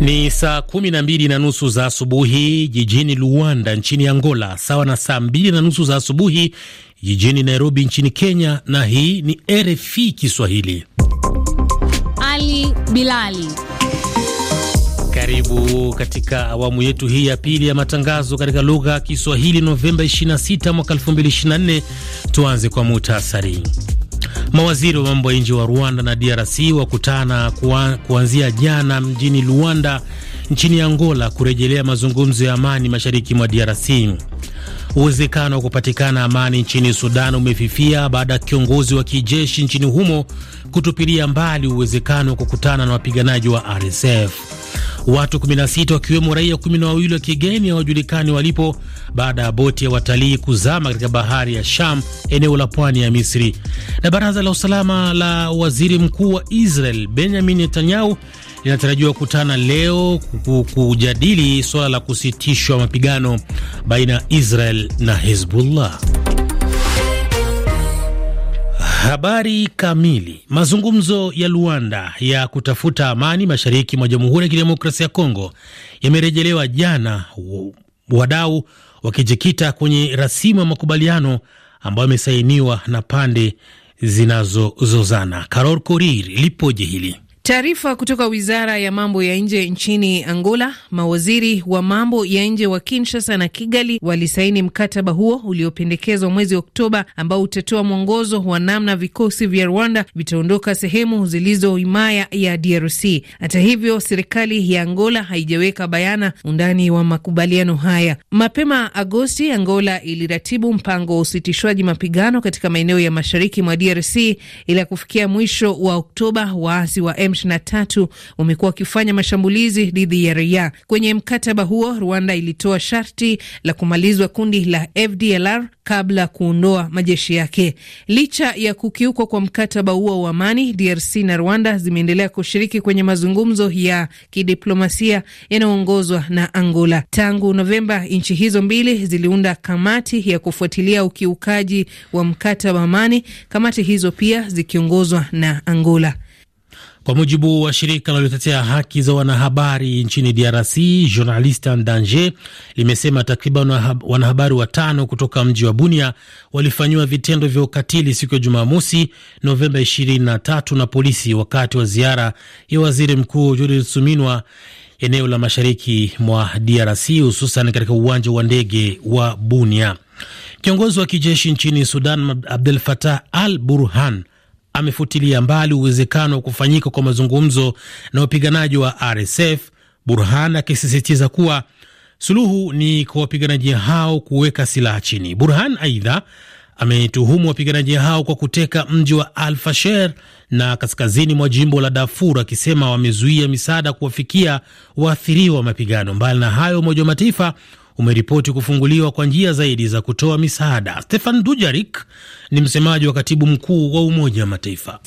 Ni saa kumi na mbili na nusu za asubuhi jijini Luanda nchini Angola, sawa na saa mbili na nusu za asubuhi jijini Nairobi nchini Kenya. Na hii ni RFI Kiswahili. Ali Bilali, karibu katika awamu yetu hii ya pili ya matangazo katika lugha ya Kiswahili, Novemba 26 mwaka 2024. Tuanze kwa muhtasari. Mawaziri wa mambo ya nje wa Rwanda na DRC wakutana kuanzia jana mjini Luanda nchini Angola kurejelea mazungumzo ya amani mashariki mwa DRC. Uwezekano wa kupatikana amani nchini Sudan umefifia baada ya kiongozi wa kijeshi nchini humo kutupilia mbali uwezekano wa kukutana na wapiganaji wa RSF. Watu 16 wakiwemo raia 12 wa kigeni hawajulikani walipo baada ya boti ya watalii kuzama katika bahari ya Sham, eneo la pwani ya Misri. Na baraza la usalama la waziri mkuu wa Israel Benjamin Netanyahu linatarajiwa kukutana leo kujadili suala la kusitishwa mapigano baina ya Israel na Hezbollah. Habari kamili. Mazungumzo ya Luanda ya kutafuta amani mashariki mwa Jamhuri ya Kidemokrasia ya Kongo yamerejelewa jana, wadau wakijikita kwenye rasimu ya makubaliano ambayo yamesainiwa na pande zinazozozana. Karol Korir lipoje hili Taarifa kutoka wizara ya mambo ya nje nchini Angola. Mawaziri wa mambo ya nje wa Kinshasa na Kigali walisaini mkataba huo uliopendekezwa mwezi Oktoba, ambao utatoa mwongozo wa namna vikosi vya Rwanda vitaondoka sehemu zilizo himaya ya DRC. Hata hivyo, serikali ya Angola haijaweka bayana undani wa makubaliano haya. Mapema Agosti, Angola iliratibu mpango wa usitishwaji mapigano katika maeneo ya mashariki mwa DRC, ila kufikia mwisho wa Oktoba waasi wa M 23 wamekuwa wakifanya mashambulizi dhidi ya raia. Kwenye mkataba huo, Rwanda ilitoa sharti la kumalizwa kundi la FDLR kabla kuondoa majeshi yake. Licha ya kukiukwa kwa mkataba huo wa amani, DRC na Rwanda zimeendelea kushiriki kwenye mazungumzo ya kidiplomasia yanayoongozwa na Angola. Tangu Novemba, nchi hizo mbili ziliunda kamati ya kufuatilia ukiukaji wa mkataba wa amani, kamati hizo pia zikiongozwa na Angola. Kwa mujibu wa shirika linalotetea haki za wanahabari nchini DRC, Journalist en Danger limesema takriban wanahabari watano kutoka mji wa Bunia walifanyiwa vitendo vya ukatili siku ya Jumamosi, Novemba 23 na polisi wakati wa ziara ya waziri mkuu Judith Suminwa eneo la mashariki mwa DRC, hususan katika uwanja wa ndege wa Bunia. Kiongozi wa kijeshi nchini Sudan Abdel Fattah al Burhan amefutilia mbali uwezekano wa kufanyika kwa mazungumzo na wapiganaji wa RSF, Burhan akisisitiza kuwa suluhu ni kwa wapiganaji hao kuweka silaha chini. Burhan aidha ametuhumu wapiganaji hao kwa kuteka mji wa alfasher na kaskazini mwa jimbo la Darfur, akisema wamezuia misaada kuwafikia waathiriwa wa mapigano. Mbali na hayo, Umoja wa Mataifa umeripoti kufunguliwa kwa njia zaidi za kutoa misaada. Stefan Dujarik ni msemaji wa katibu mkuu wa Umoja wa Mataifa.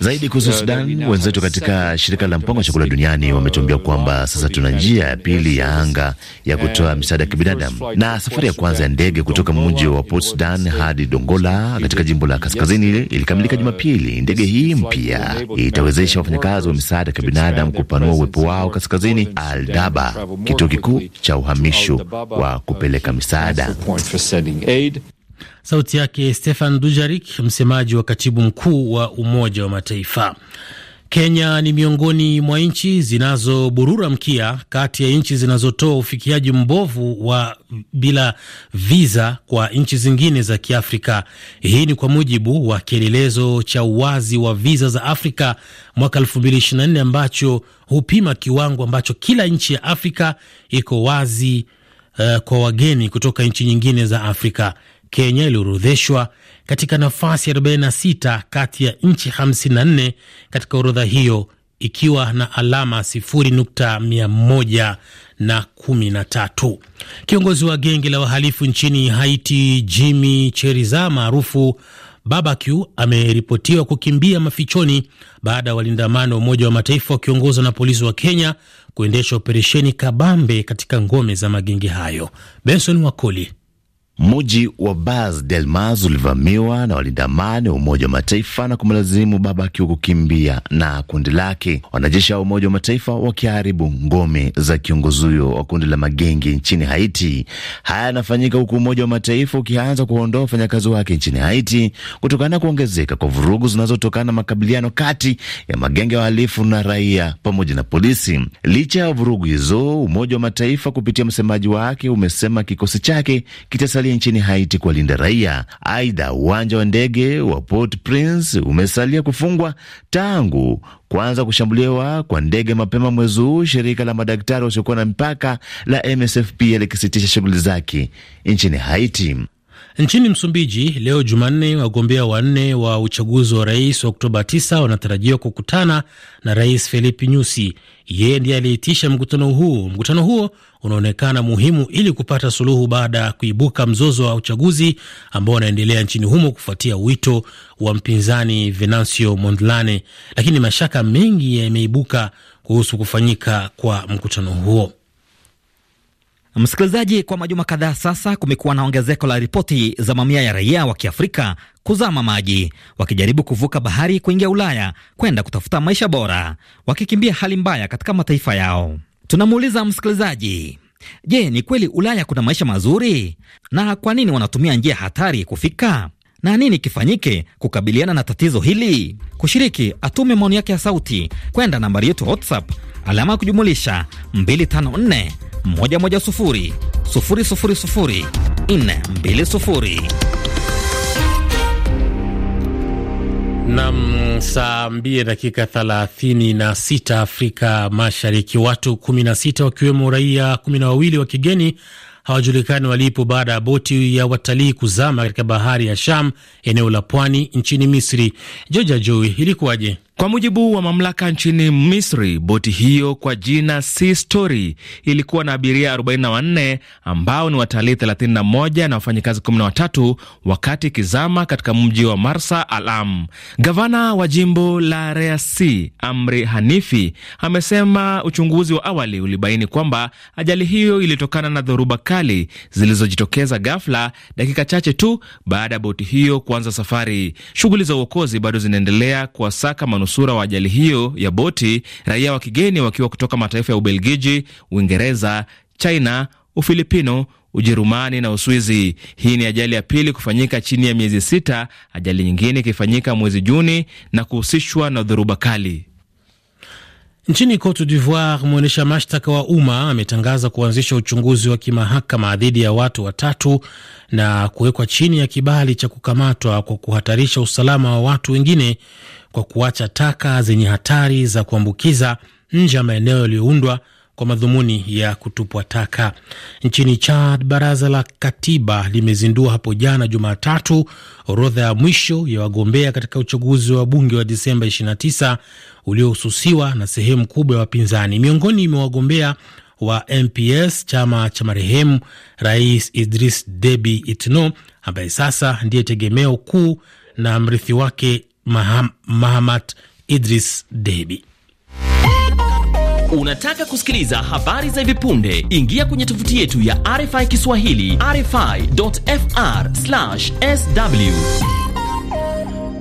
Zaidi kuhusu uh, Sudan, wenzetu katika shirika la mpango wa chakula duniani uh, wametuambia kwamba sasa tuna njia ya pili ya anga ya kutoa misaada ya kibinadamu, na safari ya kwanza ya ndege kutoka mji wa Port Sudan hadi Dongola katika jimbo la kaskazini uh, ilikamilika Jumapili. Ndege hii mpya itawezesha wafanyakazi wa misaada ya kibinadamu kupanua uwepo wao kaskazini Aldaba, kituo kikuu cha uhamisho wa uh, kupeleka misaada. Sauti yake Stefan Dujarik, msemaji wa katibu mkuu wa Umoja wa Mataifa. Kenya ni miongoni mwa nchi zinazoburura mkia kati ya nchi zinazotoa ufikiaji mbovu wa bila viza kwa nchi zingine za Kiafrika. Hii ni kwa mujibu wa kielelezo cha uwazi wa viza za Afrika mwaka 2024 ambacho hupima kiwango ambacho kila nchi ya Afrika iko wazi uh, kwa wageni kutoka nchi nyingine za Afrika. Kenya iliorodheshwa katika nafasi ya 46 kati ya nchi 54 katika orodha hiyo ikiwa na alama 0.113. Kiongozi wa genge la wahalifu nchini Haiti, Jimmy Cheriza maarufu Barbecue ameripotiwa kukimbia mafichoni baada ya walinda amani wa Umoja wa Mataifa wakiongozwa na polisi wa Kenya kuendesha operesheni kabambe katika ngome za magenge hayo. Benson Wakoli Mji wa Baz Delmas ulivamiwa na walinda amani wa Umoja wa Mataifa na kumlazimu Babaki kukimbia na kundi lake, wanajeshi wa Umoja wa Mataifa wakiharibu ngome za kiongozi huyo wa kundi la magenge nchini Haiti. Haya yanafanyika huku Umoja wa Mataifa ukianza kuondoa wafanyakazi wake nchini Haiti kutokana na kuongezeka kwa vurugu zinazotokana na makabiliano kati ya magenge ya wahalifu na raia pamoja na polisi. Licha ya vurugu hizo, Umoja wa Mataifa kupitia msemaji wake umesema kikosi chake kitasali serikali nchini Haiti kuwalinda raia. Aidha, uwanja wa ndege wa port prince umesalia kufungwa tangu kuanza kushambuliwa kwa ndege mapema mwezi huu, shirika la madaktari wasiokuwa na mipaka la MSF likisitisha shughuli zake nchini Haiti. Nchini Msumbiji leo Jumanne, wagombea wanne wa uchaguzi wa rais wa Oktoba 9 wanatarajiwa kukutana na Rais Filipe Nyusi. Yeye ndiye aliyeitisha mkutano huo. Mkutano huo unaonekana muhimu ili kupata suluhu baada ya kuibuka mzozo wa uchaguzi ambao unaendelea nchini humo kufuatia wito wa mpinzani Venancio Mondlane, lakini mashaka mengi yameibuka kuhusu kufanyika kwa mkutano huo. Msikilizaji, kwa majuma kadhaa sasa kumekuwa na ongezeko la ripoti za mamia ya raia wa Kiafrika kuzama maji wakijaribu kuvuka bahari kuingia Ulaya kwenda kutafuta maisha bora, wakikimbia hali mbaya katika mataifa yao. Tunamuuliza msikilizaji, je, ni kweli Ulaya kuna maisha mazuri na kwa nini wanatumia njia hatari kufika na nini kifanyike kukabiliana na tatizo hili? Kushiriki, atume maoni yake ya sauti kwenda nambari yetu WhatsApp alama ya kujumulisha 254 Nam saa mbili dakika thelathini na sita Afrika Mashariki. Watu kumi na sita wakiwemo raia kumi na wawili wa kigeni hawajulikani walipo baada ya boti ya watalii kuzama katika bahari ya Sham, eneo la pwani nchini Misri. Joja Joi, ilikuwaje? Kwa mujibu wa mamlaka nchini Misri, boti hiyo kwa jina Sea Story ilikuwa na abiria 44 ambao ni watalii 31 na wafanyikazi 13 wakati ikizama katika mji wa Marsa Alam. Gavana wa jimbo la Reasi Amri Hanifi amesema uchunguzi wa awali ulibaini kwamba ajali hiyo ilitokana na dhoruba kali zilizojitokeza ghafla dakika chache tu baada ya boti hiyo kuanza safari. Shughuli za uokozi bado zinaendelea kuwasaka manusura manusura wa ajali hiyo ya boti, raia wa kigeni wakiwa kutoka mataifa ya Ubelgiji, Uingereza, China, Ufilipino, Ujerumani na Uswizi. Hii ni ajali ya pili kufanyika chini ya miezi sita, ajali nyingine ikifanyika mwezi Juni na kuhusishwa na dhoruba kali. Nchini Cote d'Ivoire, mwendesha mashtaka wa umma ametangaza kuanzisha uchunguzi wa kimahakama dhidi ya watu watatu na kuwekwa chini ya kibali cha kukamatwa kwa kuhatarisha usalama wa watu wengine kwa kuacha taka zenye hatari za kuambukiza nje ya maeneo yaliyoundwa kwa madhumuni ya kutupwa taka. Nchini Chad, baraza la katiba limezindua hapo jana Jumatatu orodha ya mwisho ya wagombea katika uchaguzi wa bunge wa Disemba 29 uliohususiwa na sehemu kubwa ya wapinzani. Miongoni mwa wagombea wa MPS, chama cha marehemu Rais Idris Deby Itno, ambaye sasa ndiye tegemeo kuu na mrithi wake Mahamat Idris Deby. Unataka kusikiliza habari za hivi punde? Ingia kwenye tovuti yetu ya RFI Kiswahili, rfi.fr/sw.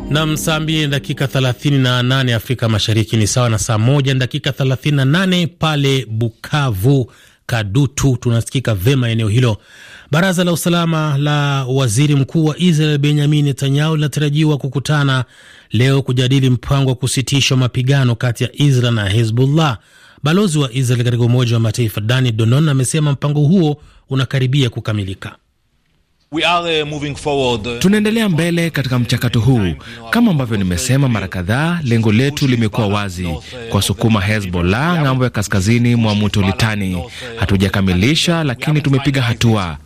Nam, saa 2 dakika 38 Afrika Mashariki ni sawa na saa 1 dakika 38 pale Bukavu Kadutu tunasikika vema eneo hilo. Baraza la usalama la waziri mkuu wa Israel Benyamin Netanyahu linatarajiwa kukutana leo kujadili mpango wa kusitishwa mapigano kati ya Israel na Hezbollah. Balozi wa Israel katika Umoja wa Mataifa Dani Donon amesema mpango huo unakaribia kukamilika. We are uh, moving forward. Tunaendelea mbele katika mchakato huu. Kama ambavyo nimesema mara kadhaa, lengo letu limekuwa wazi kwa sukuma Hezbollah ng'ambo ya kaskazini mwa mto Litani. Hatujakamilisha, lakini tumepiga hatua.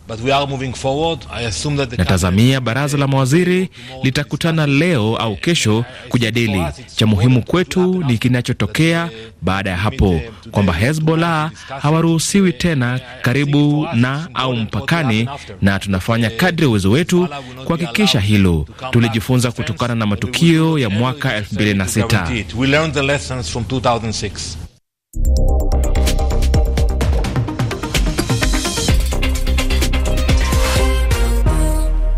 Natazamia baraza la mawaziri litakutana leo au kesho kujadili. Cha muhimu kwetu ni kinachotokea baada ya hapo, kwamba Hezbollah hawaruhusiwi tena karibu na au mpakani, na tunafanya kadri uwezo wetu kuhakikisha hilo. Tulijifunza kutokana na matukio ya mwaka 2006.